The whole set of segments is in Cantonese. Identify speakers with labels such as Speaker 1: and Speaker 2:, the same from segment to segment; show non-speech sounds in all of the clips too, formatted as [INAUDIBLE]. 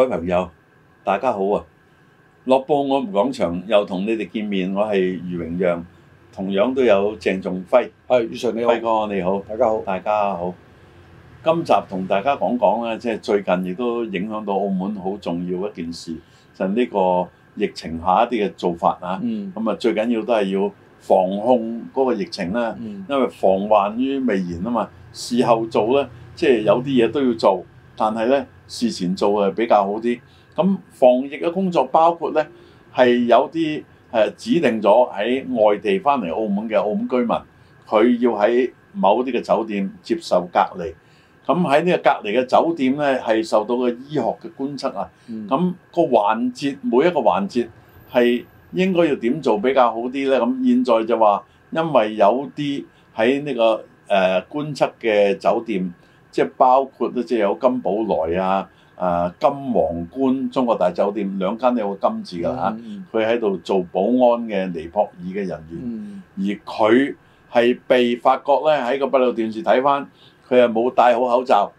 Speaker 1: 各位朋友，大家好啊！樂報我們講場又同你哋見面，我係余榮陽，同樣都有鄭仲輝。誒的，余 Sir 你好，輝哥你好，大家好，大家好。今集同大家講講咧，即係最近亦都影響到澳門好重要一件事，就係呢個疫情下一啲嘅做法啊。咁啊、嗯，最緊要都係要防控嗰個疫情啦。因為防患於未然啊嘛，事後做咧，即係有啲嘢都要做。但係咧，事前做係比較好啲。咁防疫嘅工作包括咧，係有啲誒指定咗喺外地翻嚟澳門嘅澳門居民，佢要喺某啲嘅酒店接受隔離。咁喺呢個隔離嘅酒店咧，係受到嘅醫學嘅觀察啊。咁、嗯、個環節每一個環節係應該要點做比較好啲咧？咁現在就話，因為有啲喺呢個誒、呃、觀察嘅酒店。即係包括咧，即係有金寶來啊，啊金皇冠中國大酒店，兩間都有金字噶啦，佢喺度做保安嘅尼泊爾嘅人員，嗯、而佢係被發覺咧，喺個閉路電視睇翻，佢係冇戴好口罩，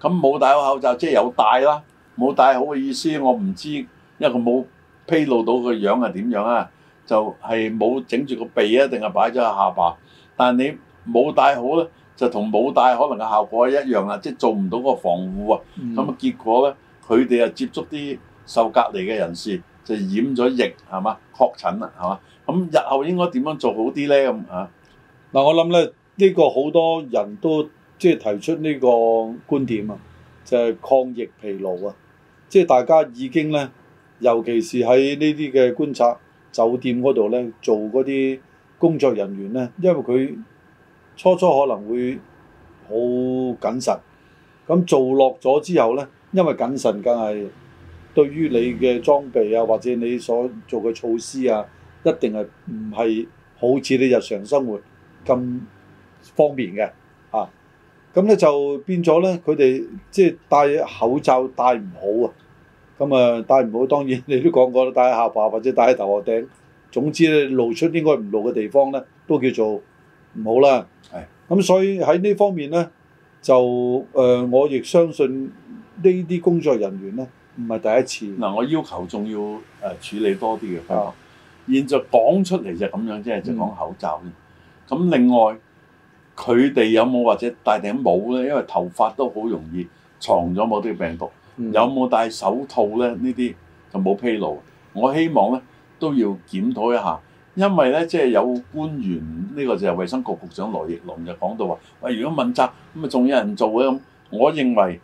Speaker 1: 咁冇戴好口罩即係有戴啦，冇戴好嘅意思我唔知，因為佢冇披露到個樣係點樣啊，就係、是、冇整住個鼻啊，定係擺咗喺下巴，但係你冇戴好咧。就同冇戴可能嘅效果係一樣啦，即係做唔到個防護啊。咁，嗯，啊結果咧，佢哋就接觸啲受隔離嘅人士，就染咗疫係嘛，確診啦係嘛。咁啊日後應該點樣做好啲咧咁啊？
Speaker 2: 嗱，我諗咧呢個好多人都即係提出呢個觀點啊，就係抗疫疲勞啊，即係大家已經咧，尤其是喺呢啲嘅觀察酒店嗰度咧，做嗰啲工作人員咧，因為佢。初初可能會好謹慎，咁做落咗之後咧，因為謹慎梗係對於你嘅裝備啊，或者你所做嘅措施啊，一定係唔係好似你日常生活咁方便嘅啊？咁咧就變咗咧，佢哋即係戴口罩戴唔好啊！咁啊戴唔好，當然你都講過啦，戴喺下巴或者戴喺頭殼頂，總之咧露出應該唔露嘅地方咧，都叫做。唔好啦，咁所以喺呢方面咧，就誒、呃、我亦相信呢啲工作人員咧，唔係第一次。嗱，我要求
Speaker 1: 仲要誒、呃、處理多啲嘅。是的 現在講出嚟就咁樣，即係就是、講口罩。咁、嗯、另外，佢哋有冇或者戴頂帽咧？因為頭髮都好容易藏咗某啲病毒。嗯、有冇戴手套咧？呢啲就冇披露。我希望咧都要檢討一下。因為咧，即係有官員，呢個就係衛生局局長羅奕龍就講到話：喂，如果問責，咁啊仲有人做嘅，我認為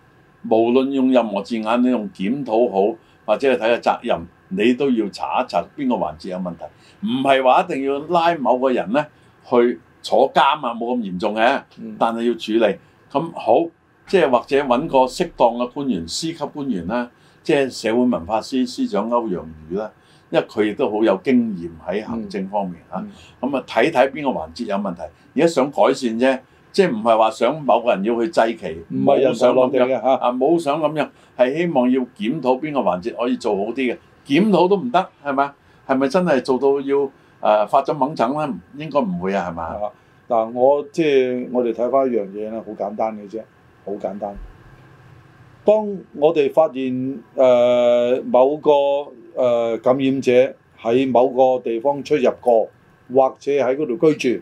Speaker 1: 無論用任何字眼，你用檢討好，或者係睇下責任，你都要查一查邊個環節有問題，唔係話一定要拉某個人咧去坐監啊，冇咁嚴重嘅，但係要處理。咁好，即係或者揾個適當嘅官員，司級官員啦，即係社會文化司司長歐陽瑜啦。因為佢亦都好有經驗喺行政方面嚇，咁、嗯、啊睇睇邊個環節有問題，而家想改善啫，即係唔係話想某個人要去祭旗，唔係又想咁樣嚇，冇想咁樣，係、啊啊、希望要檢討邊個環節可以做好啲嘅，檢討都唔得，係咪？係咪真係做到要誒、呃、發咗猛診咧？應該唔會啊，係咪？
Speaker 2: 但、啊、我即係、就是、我哋睇翻一樣嘢咧，好簡單嘅啫，好簡單。當我哋發現誒、呃、某個誒感染者喺某個地方出入過，或者喺嗰度居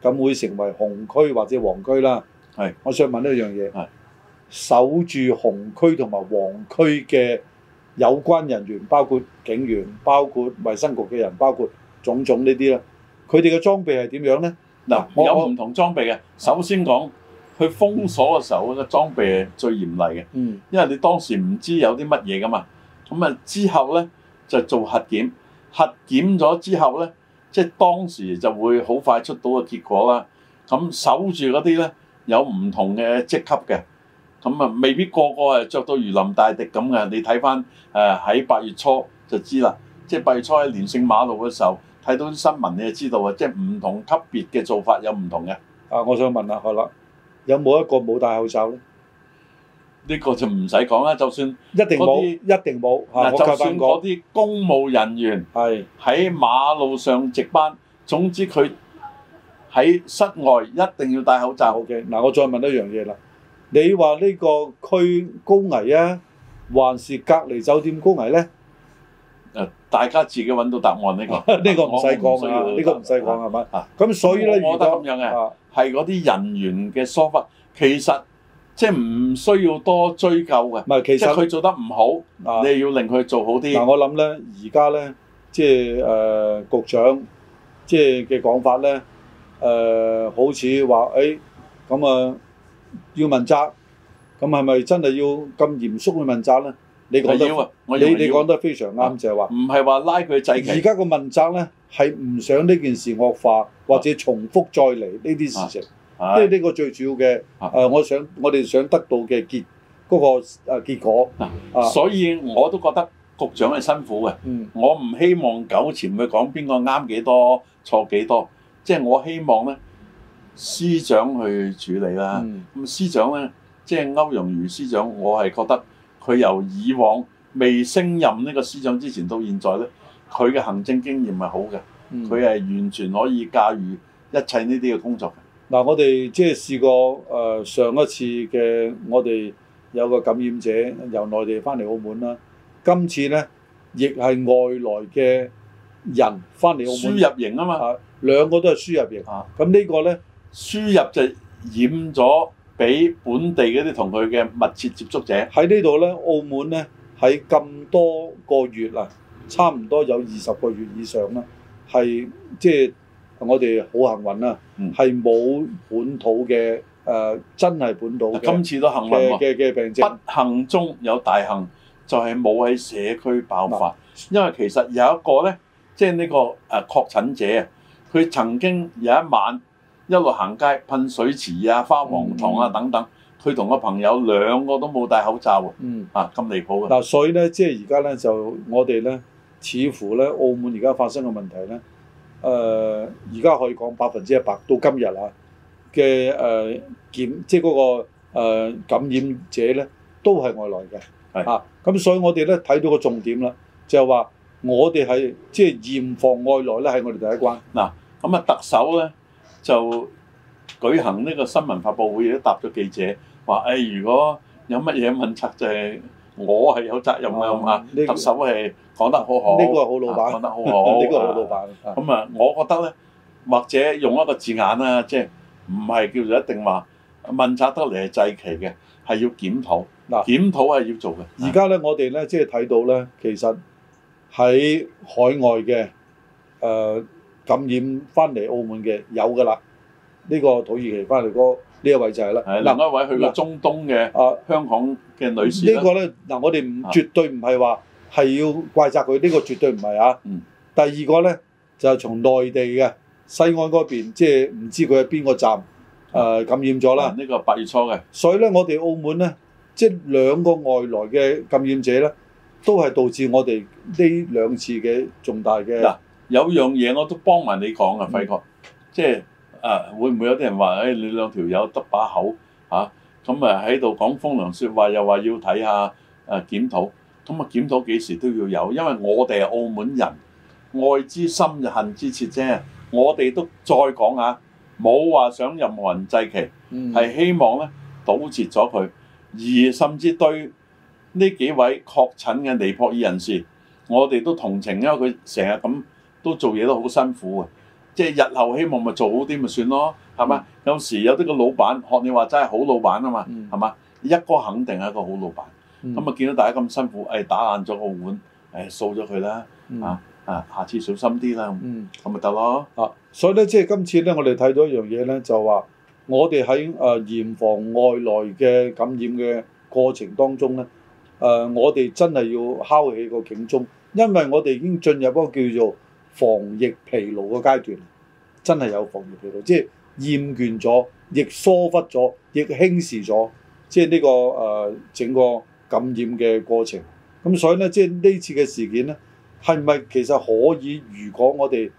Speaker 2: 住，咁會成為紅區或者黃區啦。係是，我想問一樣嘢，係是守住紅區同埋黃區嘅有關人員，包括警員、包括衞生局嘅人、包括種種呢啲啦。佢哋嘅裝備係點樣呢？嗱，有唔
Speaker 1: 同裝備嘅。首先講佢、嗯、封鎖嘅時候嘅裝備係最嚴厲嘅，嗯、因為你當時唔知有啲乜嘢噶嘛。咁啊之後呢？就做核檢，核檢咗之後咧，即係當時就會好快出到個結果啦。咁守住嗰啲咧，有唔同嘅職級嘅，咁啊未必個個誒着到如臨大敵咁嘅。你睇翻誒喺八月初就知啦，即係八月初喺連勝馬路嘅時候睇到啲新聞，你就知道啊，即係唔同級別嘅做
Speaker 2: 法有唔同嘅。啊，我想問下，阿啦有冇一個冇戴口罩咧？
Speaker 1: 呢個就唔使講啦，就算嗰啲
Speaker 2: 一定冇嗱，就算嗰啲公務
Speaker 1: 人員係喺馬路上值班，總之佢喺
Speaker 2: 室外一定要戴口罩，好嘅。嗱，我再問一樣嘢啦，你話呢個區高危啊，還是隔離酒店高危咧？誒，
Speaker 1: 大家自己揾到答案呢個，呢個唔使講啦，呢個唔使講係
Speaker 2: 咪？咁所以咧，我覺得咁
Speaker 1: 樣係嗰啲人員嘅疏忽，其實。即係唔需要
Speaker 2: 多追究嘅。唔係，其實佢做得
Speaker 1: 唔好，啊、你又要令佢做好啲。嗱、啊，我諗
Speaker 2: 咧，而家咧，即係誒、呃、局長即係嘅講法咧，誒、呃、好似話誒咁啊要問責，咁係咪真係要咁嚴肅去問責咧？你講得，用你用你講得非常啱，啊、就係話唔係
Speaker 1: 話拉佢制。而
Speaker 2: 家個問責咧係唔想呢件事惡化或者重複再嚟呢啲事情。即係呢個最主要嘅、啊呃，我想我哋想得到嘅結、嗰個、結果。啊啊、所以我都覺得局
Speaker 1: 長係辛苦嘅。嗯、我唔希望糾纏去講邊個啱幾多錯幾多，即、就、係、是、我希望咧司長去處理啦。咁、嗯、司長咧，即係歐陽瑜司長，我係覺得佢由以往未升任呢個司長之前到現在
Speaker 2: 咧，佢嘅行政經驗係好嘅，佢係、嗯、完全可以駕馭一切呢啲嘅工作嘅。嗱、啊，我哋即係試過誒、呃、上一次嘅，我哋有個感染者由內地翻嚟澳門啦。今次咧，亦係外來嘅人翻嚟澳門。輸入型啊嘛，兩個都係輸入型。啊，咁呢個咧輸入就是染咗俾本地嗰啲同佢嘅密切接觸者。喺呢度咧，澳門咧喺咁多個月啦，差唔多有二十個月以上啦，係即係。就是我哋好幸運啦、啊，係冇本土嘅、呃、真係本土今次都幸運嘅嘅
Speaker 1: 病症。不幸中有大幸，就係冇喺社區爆發。嗯、因為其實有一個咧，即係呢、這個誒確診者啊，佢曾經有一晚一路行街，噴水池啊、花王堂啊等等，佢同個朋友兩個都冇戴口罩啊，嗯、啊咁離譜嘅。嗱、啊嗯
Speaker 2: 啊，所以咧，即係而家咧就我哋咧，似乎咧澳門而家發生嘅問題咧，誒、呃。而家可以講百分之一百到今日啊嘅誒檢，即係、那、嗰個、呃、感染者咧，都係外來嘅。係是啊，咁所以我哋咧睇到個重點啦，就係話我哋係即係嚴防外來咧，係我哋第一關嗱。咁啊，特首咧
Speaker 1: 就舉行呢個新聞發佈會亦都答咗記者，話誒、哎、如果有乜嘢問責就係我係有責任嘅啊，呢、啊呢個特首係講得好好，呢個係好老
Speaker 2: 闆，講、啊、得好好，呢 [LAUGHS] 個係好老闆。咁啊，
Speaker 1: 我覺得咧。或者用一個字眼啦，即係唔係叫做一定話問責得嚟係制期嘅，係要檢討。
Speaker 2: 嗱，檢討係要做嘅。而家咧，我哋咧即係睇到咧，其實喺海外嘅誒、呃、感染翻嚟澳門嘅有㗎啦，呢、這個土耳其翻嚟嗰呢個位就係、是、啦。係、嗯，另一位去到中東嘅啊，喊香港嘅女士呢。個呢個咧嗱，我哋唔絕對唔係話係要怪責佢，呢、這個絕對唔係啊。嗯。第二個咧就係、是、從內地嘅。西安嗰邊即係唔知佢喺邊個站誒、呃、感染咗啦？呢、嗯這個八月初嘅，所以咧我哋澳門咧即係兩個外來嘅感染者咧，都係導致我哋呢兩次嘅重大嘅。嗱、嗯，
Speaker 1: 有樣嘢我都幫埋你講、嗯、啊，輝哥，即係誒會唔會有啲人話誒、哎、你兩條友得把口嚇咁啊喺度講風涼説話，又話要睇下誒、啊、檢討，咁啊檢討幾時都要有，因為我哋係澳門人，愛之深就恨之切啫。我哋都再講下，冇話想任何人祭旗，係、嗯、希望咧堵截咗佢。而甚至對呢幾位確診嘅尼泊爾人士，我哋都同情，因為佢成日咁都做嘢都好辛苦嘅。即係日後希望咪做好啲咪算咯，係嘛、嗯？有時有啲個老闆，學你話齋係好老闆啊嘛，係嘛、嗯？一哥肯定係一個好老闆。咁啊、嗯，那見到大家咁辛苦，誒、哎、打爛咗個碗，誒、哎、掃咗佢啦，啊、
Speaker 2: 嗯！啊！下次小心啲啦，嗯，咁咪得咯。啊，所以咧，即係今次咧，我哋睇到一樣嘢咧，就話我哋喺誒嚴防外來嘅感染嘅過程當中咧，誒、呃，我哋真係要敲起個警鐘，因為我哋已經進入一個叫做防疫疲勞嘅階段，真係有防疫疲勞，即係厭倦咗，亦疏忽咗，亦輕視咗，即係呢、呢個誒、呃、整個感染嘅過程。咁所以咧，即係呢次嘅事件咧。係咪其實可以？如果我哋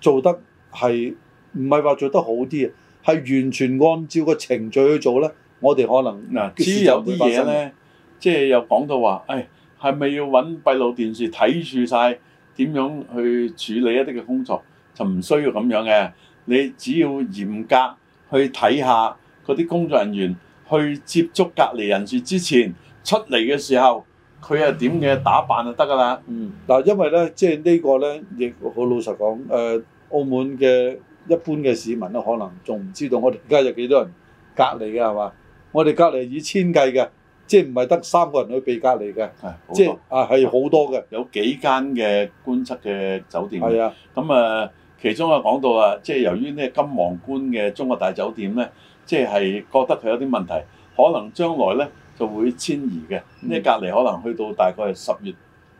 Speaker 2: 做得係唔係話做得好啲啊？係完全按照個程序去做呢？我哋可能嗱，至於啲嘢呢，
Speaker 1: 即係又講到話，誒係咪要搵閉路電視睇住晒點樣去處理一啲嘅工作，就唔需要咁樣嘅。你只要嚴格去睇下嗰啲工作人員去接觸隔離人士之前出嚟嘅時候，佢係點嘅打扮就得㗎啦。
Speaker 2: 嗯，嗱，因為咧，即、就、係、是、呢個咧，亦好老實講，誒、呃，澳門嘅一般嘅市民咧，可能仲唔知道我哋而家有幾多人隔離㗎，係嘛？我哋隔離以千計嘅，即係唔係得三個人去被隔離嘅，係、哎，即係啊，係好
Speaker 1: 多嘅，就是、多的有幾間嘅觀測嘅酒店。係啊，咁啊、呃，其中啊講到啊，即、就、係、是、由於呢金皇冠嘅中國大酒店咧，即、就、係、是、覺得佢有啲問題，可能將來咧。就會遷移嘅，呢隔離可能去到大概係十月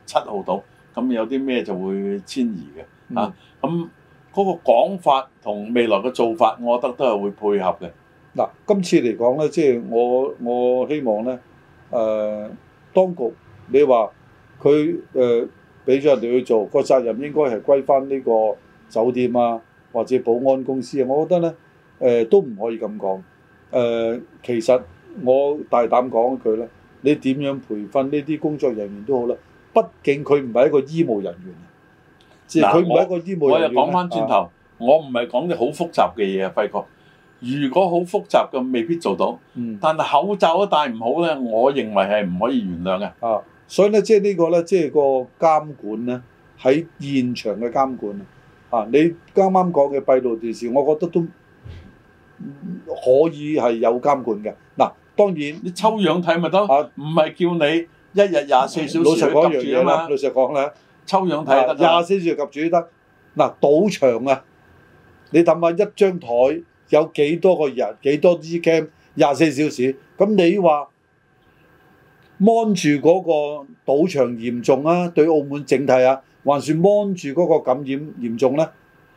Speaker 1: 七號到，咁有啲咩就會遷移嘅嚇。咁嗰、嗯啊嗰個講法同未來嘅做法，我覺得都係會配合嘅。
Speaker 2: 嗱，今次嚟講咧，即係我我希望咧，誒、呃，當局你話佢誒俾咗人哋去做個責任，應該係歸翻呢個酒店啊，或者保安公司啊，我覺得咧誒、呃、都唔可以咁講。誒、呃，其實。我大膽講一句啦，你點樣培訓呢啲工作人員都好啦。畢竟佢唔係一個醫務人員，即係佢唔係一個醫務人員。我講翻轉頭，
Speaker 1: 啊、我唔係講啲好複雜嘅嘢啊，費哥，如果好複雜嘅未必做到，嗯、但係口罩都戴唔好咧，我認為係唔可以原諒嘅。啊，
Speaker 2: 所以咧、這個，即、就、係、是、呢個咧，即係個監管咧，喺現場嘅監管啊。啊，你啱啱講嘅閉路電視，我覺得都可以係有監管嘅。嗱、啊。
Speaker 1: 當然，你抽樣睇咪得？唔係叫你一日廿四小時老實講樣樣啦，老實講啦，抽樣睇得廿四小
Speaker 2: 時及住得。嗱，賭場啊，你諗下一張台有幾多個人，幾多啲 game，廿四小時，咁你話 mon 住嗰個賭場嚴重啊？對澳門整體啊，還是 mon 住嗰個感染嚴重咧？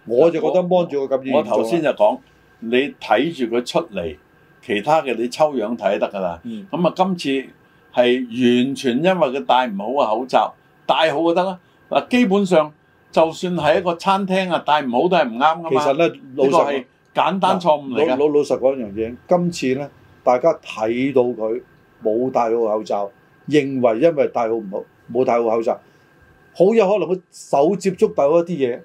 Speaker 2: 我就覺得 mon 住個感染嚴重。我頭先就
Speaker 1: 講，你睇住佢出嚟。其他嘅你抽樣睇就得㗎啦，咁啊今次係完全因為佢戴唔好個口罩，戴好就得啦。嗱，基本上就算係一個餐廳啊，戴唔好都係唔啱㗎嘛。其實咧，老實係簡單
Speaker 2: 錯誤嚟嘅。老老實講一樣嘢，今次咧大家睇到佢冇戴好口罩，認為因為戴好唔好，冇戴好口罩，好有可能佢手接觸到一啲嘢。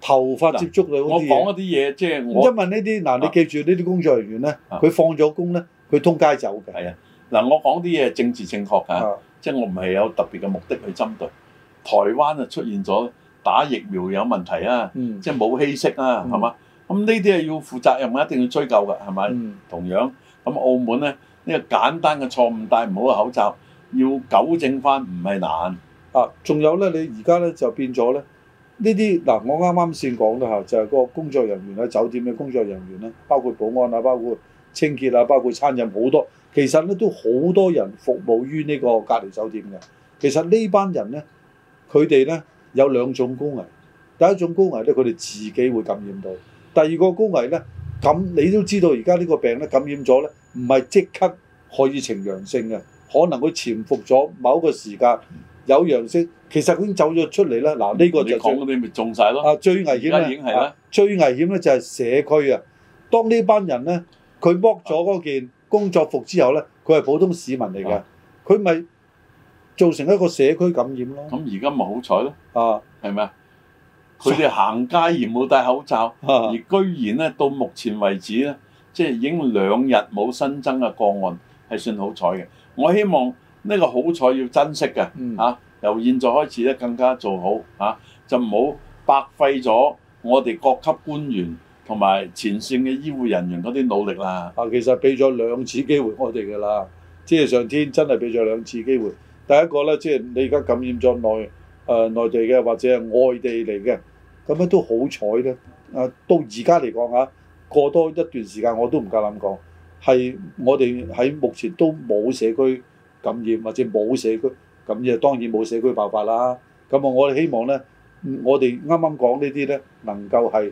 Speaker 2: 頭髮接觸到啲嘢，我講一
Speaker 1: 啲嘢，即係我一
Speaker 2: 問呢啲，嗱你記住呢啲工作人員咧，佢、啊、放咗工咧，佢通街走嘅。係啊，嗱我講啲嘢
Speaker 1: 政治正確㗎，即係我唔係有特別嘅目的去針對。台灣啊出現咗打疫苗有問題啊，即係冇稀釋啊，係嘛、嗯？咁呢啲係要負責任嘅，一定要追究㗎，係咪？嗯、同樣咁澳門咧呢個簡單嘅錯誤，戴唔好嘅口罩要糾正
Speaker 2: 翻，唔係難啊。仲有咧，你而家咧就變咗咧。呢啲嗱，我啱啱先講啦嚇，就係個工作人員啦，酒店嘅工作人員啦，包括保安啊，包括清潔啊，包括餐飲好多，其實咧都好多人服務於呢個隔離酒店嘅。其實呢班人咧，佢哋咧有兩種高危，第一種高危咧，佢哋自己會感染到；第二個高危咧，咁你都知道，而家呢個病咧感染咗咧，唔係即刻可以呈陽性嘅，可能佢潛伏咗某個時間有陽性。其實已經走咗出嚟啦，嗱、這、呢個就最你講咪中晒咯啊最危險啦、啊，最危險咧就係社區啊！區當這幫呢班人咧佢剝咗嗰件工作服之後咧，佢係、啊、普通市民嚟嘅，佢咪、啊、造成一個社區感染咯。咁而家咪好彩咯，啊
Speaker 1: 係咪啊？佢哋、啊、吧行街而冇戴口罩，啊啊、而居然咧到目前為止咧，即、就、係、是、已經兩日冇新增嘅個案，係算好彩嘅。我希望呢個好彩要珍惜嘅，啊、嗯！由現在開始咧，更加做好嚇、啊，就唔好白費咗我哋各級官員同埋前線嘅醫
Speaker 2: 護人員嗰啲努力啦。啊，其實俾咗兩次機會我哋噶啦，即係上天真係俾咗兩次機會。第一個咧，即係你而家感染咗內誒、呃、內地嘅或者係外地嚟嘅，咁樣都好彩咧。啊，到而家嚟講嚇，過多一段時間我都唔夠膽講，係我哋喺目前都冇社區感染或者冇社區。咁嘅當然冇社區爆發啦。咁啊，我哋希望咧，我哋啱啱講呢啲咧，能夠係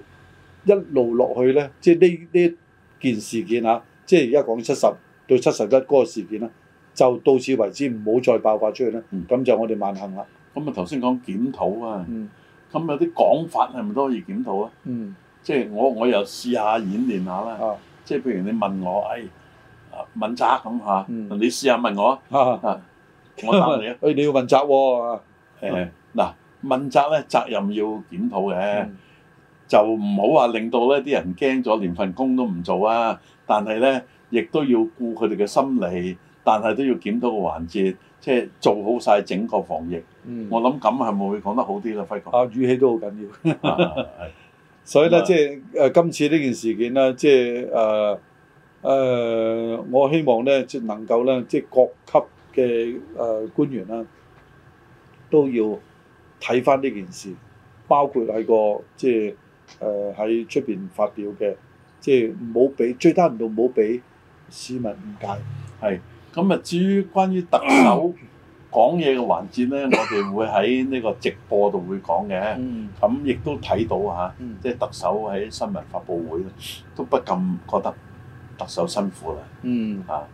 Speaker 2: 一路落去咧，即係呢呢件事件啊，即係而家講七十到七十一嗰個事件啦，就到此為止，唔好再爆發出去啦。咁、嗯、就我哋萬幸啦。咁啊，頭先講檢討啊，
Speaker 1: 咁、嗯、有啲講法係咪都可以檢討啊？嗯、即係我我又試下演練下啦。啊、即係譬如你問我，哎，問渣咁吓，嗯、你試下問我啊。啊。我答你啊，佢，你要問責喎。誒嗱，問責咧，責任要檢討嘅，就唔好話令到咧啲人驚咗，連份工都唔做啊。但係咧，亦都要顧佢哋嘅心理，但係都要檢討個環節，即係做好曬整個防疫。我諗咁係咪會講得好啲咧，輝哥？
Speaker 2: 啊，語氣都好緊要。所以咧，即係誒今次呢件事件咧，即係誒誒，我希望咧即係能夠咧，即係各級。嘅誒、呃、官員啦、啊，都要睇翻呢件事，包括喺、個即係誒喺出邊發表嘅，即係唔好俾最低限度唔好俾市民誤解，係。咁啊，至於關
Speaker 1: 於特首講嘢嘅環節咧， [COUGHS] 我哋會喺呢個直播度會講嘅。嗯。咁亦都睇到嚇，即、啊、係、係、特首喺新聞發佈會都不禁覺得特首辛苦啦。嗯。啊，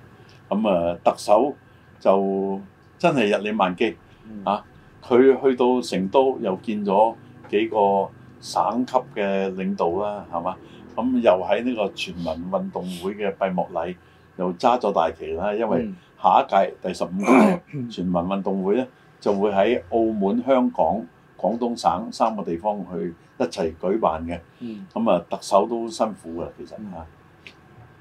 Speaker 1: 咁啊，特首。就真係日理萬機、嗯、啊！佢去到成都又見咗幾個省級嘅領導啦，係嘛？咁又喺呢個全民運動會嘅閉幕禮又揸咗大旗啦，因為下一屆第十五屆全民運動會咧就會喺澳門、香港、廣東省三個地方去一齊舉辦嘅。咁、嗯、啊，特首都辛苦㗎，其實咁啊，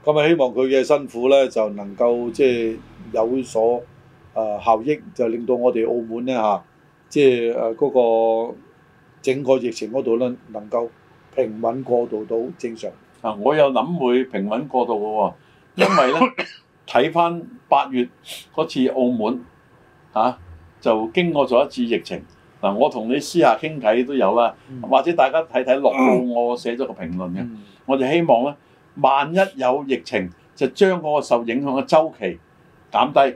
Speaker 2: 咁啊，希望佢嘅辛苦咧就能夠即係有所。誒效益就令到我哋澳門咧即係誒嗰個整個疫情嗰度咧能夠平穩過渡到正常、啊。我有諗會平穩過渡嘅喎，因為咧睇翻八月嗰次
Speaker 1: 澳門嚇、啊、就經過咗一次疫情。嗱、啊，我同你私下傾偈都有啦，嗯、或者大家睇睇樂報，我寫咗個評論嘅，嗯、我哋希望咧，萬一有疫情，就將嗰個受影響嘅周期減低。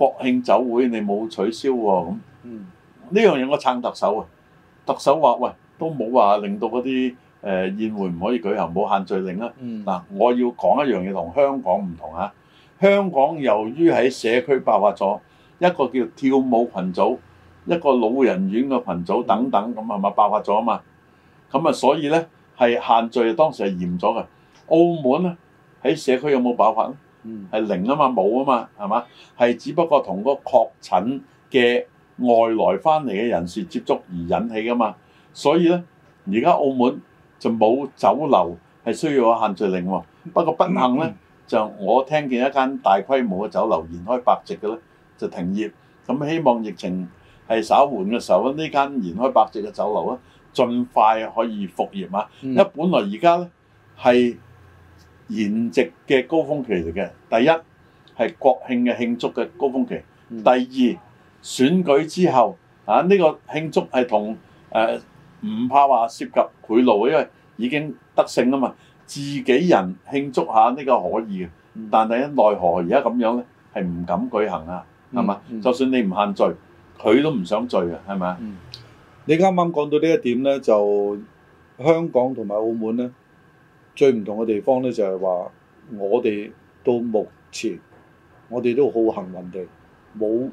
Speaker 1: 國慶酒會你冇取消喎咁，呢樣嘢我撐特首啊！特首話：喂，都冇話令到嗰啲誒宴會唔可以舉行，冇限聚令啦。嗱、嗯啊，我要講一樣嘢同香港唔同啊！香港由於喺社區爆發咗一個叫跳舞群組，一個老人院嘅群組等等，咁係咪爆發咗啊嘛？咁啊，所以咧係限聚，當時係嚴咗嘅。澳門啊，喺社區有冇爆發啊？嗯，係零啊嘛，冇啊嘛，係嘛？係只不過同個確診嘅外來返嚟嘅人士接觸而引起㗎嘛。所以咧，而家澳門就冇酒樓係需要有限聚令喎。不過不幸咧，嗯、就我聽見一間大規模嘅酒樓延開百席嘅咧，就停業。咁希望疫情係稍緩嘅時候咧，呢間延開百席嘅酒樓咧，盡快可以復業啊！嗯、因為本來而家咧係。筵席嘅高峰期嚟嘅，第一係國慶嘅慶祝嘅高峰期，第二選舉之後啊，呢、呢個慶祝係同誒唔怕話涉及賄賂，因為已經得勝啊嘛，自己人慶祝下呢個可以嘅，但係奈何而家咁樣咧，係唔敢舉行啊，係嘛、嗯？就算你唔限聚，佢都唔想聚
Speaker 2: 啊，係咪啊？嗯、你啱啱講到呢一點咧，就香港同埋澳門咧，最唔同嘅地方咧，就係話我哋到目前我，我哋都好幸運地冇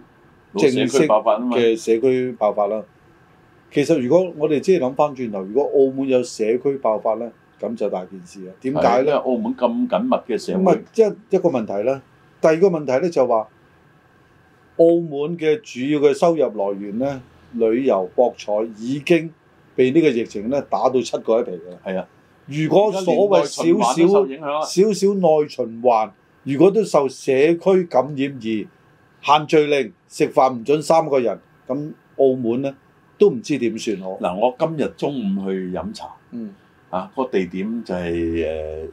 Speaker 1: 正式嘅
Speaker 2: 社區爆發啦。其實如果我哋即係諗返轉頭，如果澳門有社區爆發咧，咁就大件事啦。點解咧？
Speaker 1: 澳門咁緊密嘅社會，咁啊，
Speaker 2: 即係一個問題啦。第二個問題咧，就係話澳門嘅主要嘅收入來源咧，旅遊博彩已經被呢個疫情咧打到七個一皮嘅。係啊。如果所謂少少影響少少內循環，如果都受社區感染而限聚令食飯唔準三個人，咁澳門咧都唔知點算好。嗱，我今日中午去
Speaker 1: 飲茶，嗯，啊個地點就係誒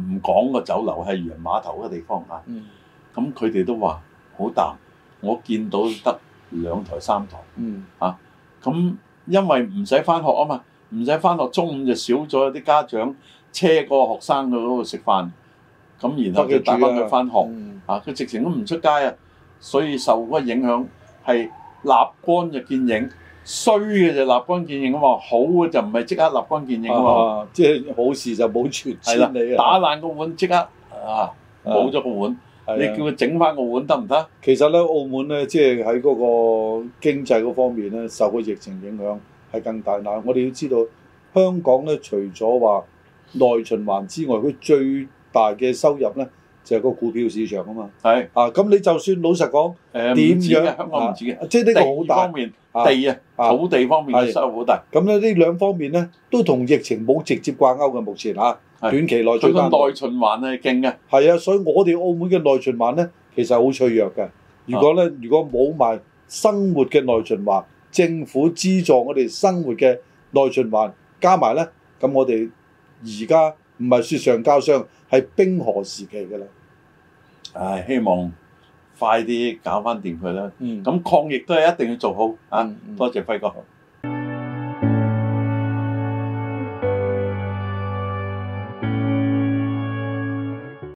Speaker 1: 唔講個酒樓係漁人碼頭嘅地方啊，咁佢哋都話好淡，我見到得兩台三台，嗯，啊，咁因為唔使返學啊嘛。唔使翻學，中午就少咗啲家長車個學生去嗰度食飯，咁然後佢打翻佢翻學。他啊，佢、啊、直情都唔出街啊，所以受嗰個影響係立竿就見影，衰嘅就立竿見影啊嘛，好嘅就唔係即刻
Speaker 2: 立竿見影啊嘛，即係好事就冇處千里啊，打爛個碗即刻啊冇咗個碗，啊碗啊、你叫佢整翻個碗得唔得？啊、行行其實咧澳門咧，即係喺嗰個經濟嗰方面咧，受個疫情影響。係更大，但係我哋要知道香港咧，除咗話內循環之外，佢最大嘅收入咧就係個股票市場啊嘛。係啊，咁你就算老實講，點樣香港唔知嘅，即係呢個好大方面地啊，土地方面收入好大。咁咧呢兩方面咧都同疫情冇直接掛鈎嘅，目前啊，短期內循環。佢個內循環係勁嘅，係啊，所以我哋澳門嘅內循環咧其實好脆弱嘅。如果咧，如果冇埋生活嘅內循環。政府資助我哋生活嘅內循環加呢，加埋咧，咁我哋而家唔係雪上加霜，係冰河時期嘅啦。唉、啊，希望
Speaker 1: 快啲搞翻掂佢啦。嗯，咁抗疫都係一定要做好啊！多謝輝哥。